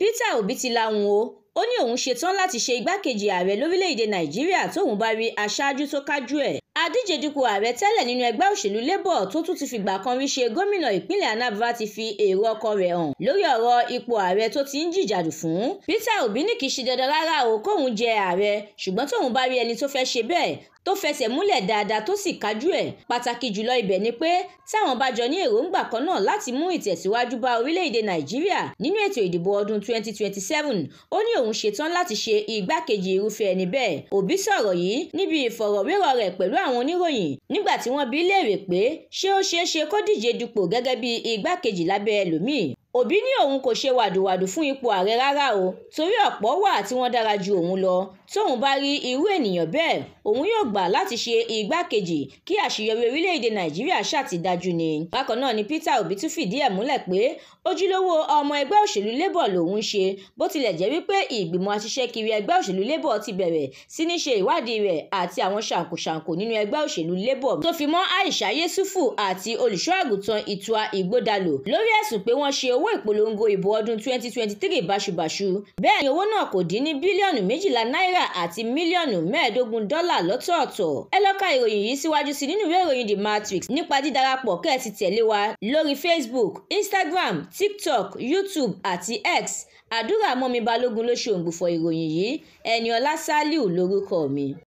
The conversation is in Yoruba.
Peter Obi ti lahùn o ó ní òun ṣetán láti ṣe igbákejì ààrẹ lórílẹ̀-èdè Nàìjíríà tóun bá rí aṣáájú tó kájú ẹ̀ adíje dupò ààrẹ tẹ́lẹ̀ nínú ẹgbẹ́ òṣèlú labour tó tún ti fìgbà kan rí ṣe gómìnà ìpínlẹ̀ anambra ti fi èrò ọkàn rẹ̀ hàn lórí ọ̀rọ̀ ipò ààrẹ tó ti ń jìjàdù fún peter obi ní kì í ṣe dandan rárá o kóun jẹ ààrẹ ṣùgbọ́n tóun bá rí ẹni tó fẹ́ ṣe bẹ́ẹ̀ tó fẹsẹ̀ múlẹ̀ dáadáa tó sì kájú ẹ̀ pàtàkì jùlọ ibẹ̀ ni pé táwọn bá jọ ní èròǹgbà kan náà láti mú ìtẹ̀síwájú bá orílẹ̀-èdè nàìjíríà nínú ètò ìdìbò ọdún 2027 ó ní òun ṣetán láti ṣe igbákejì irúfẹ́ ẹni bẹ́ẹ̀ òbí sọ̀rọ̀ yìí níbi ìfọ̀rọ̀wérọ̀ rẹ̀ pẹ̀lú àwọn oníròyìn nígbà tí wọ́n bi léèrè pé ṣé ó ṣeé ṣe kó díje dupò gẹ́gẹ́ bí igbákejì lábẹ́ ẹlòmíì òbí ní òun kò ṣe wàdùwàdù fún ipò ààrẹ rárá o torí ọ̀pọ̀ wà tí wọ́n dára ju òun lọ tóun bá rí irú ènìyàn bẹ́ẹ̀ òun yóò gbà láti ṣe igbákejì kí àṣeyọrí orílẹ̀-èdè nàìjíríà ṣàtìdájú ni. bákan náà ni peter obi tún fìdí ẹ̀ múlẹ̀ pé ojúlówó ọmọ ẹgbẹ́ òṣèlú labour lòun ń ṣe bó tilẹ̀ jẹ́ wípé ìgbìmọ̀ aṣiṣẹ́ kiri ẹgbẹ́ òṣèlú labour ti bẹ̀rẹ̀ sí ní ṣe ìwádìí rẹ̀ àti àwọn ṣàǹkóṣàǹkó nínú ẹgbẹ́ òṣèlú labour tó fi mọ́ aisha yesufu àti olùṣọ́ àgùntàn ìtura ìgbódalò lórí ẹ̀sùn pé wọ́n owó ìpolongo ìbò ọdún 2023 báṣubàṣu bẹ́ẹ̀ ni owó náà kò dín ní bílíọ̀nù méjìlá náírà àti mílíọ̀nù mẹ́ẹ̀ẹ́dógún dọ́là lọ́tọ̀ọ̀tọ̀ ẹ lọ ka ìròyìn yìí síwájú sí nínú ìwé ìròyìn The Matrix nípa dídarapọ̀ kẹ́ẹ̀sì tẹ̀lé wa lórí Facebook Instagram TikTok YouTube àti X àdúrà mọ́mi balógun ló ṣòǹgbù fọ ìròyìn yìí Ẹniọlá Sálíù lórúkọ mi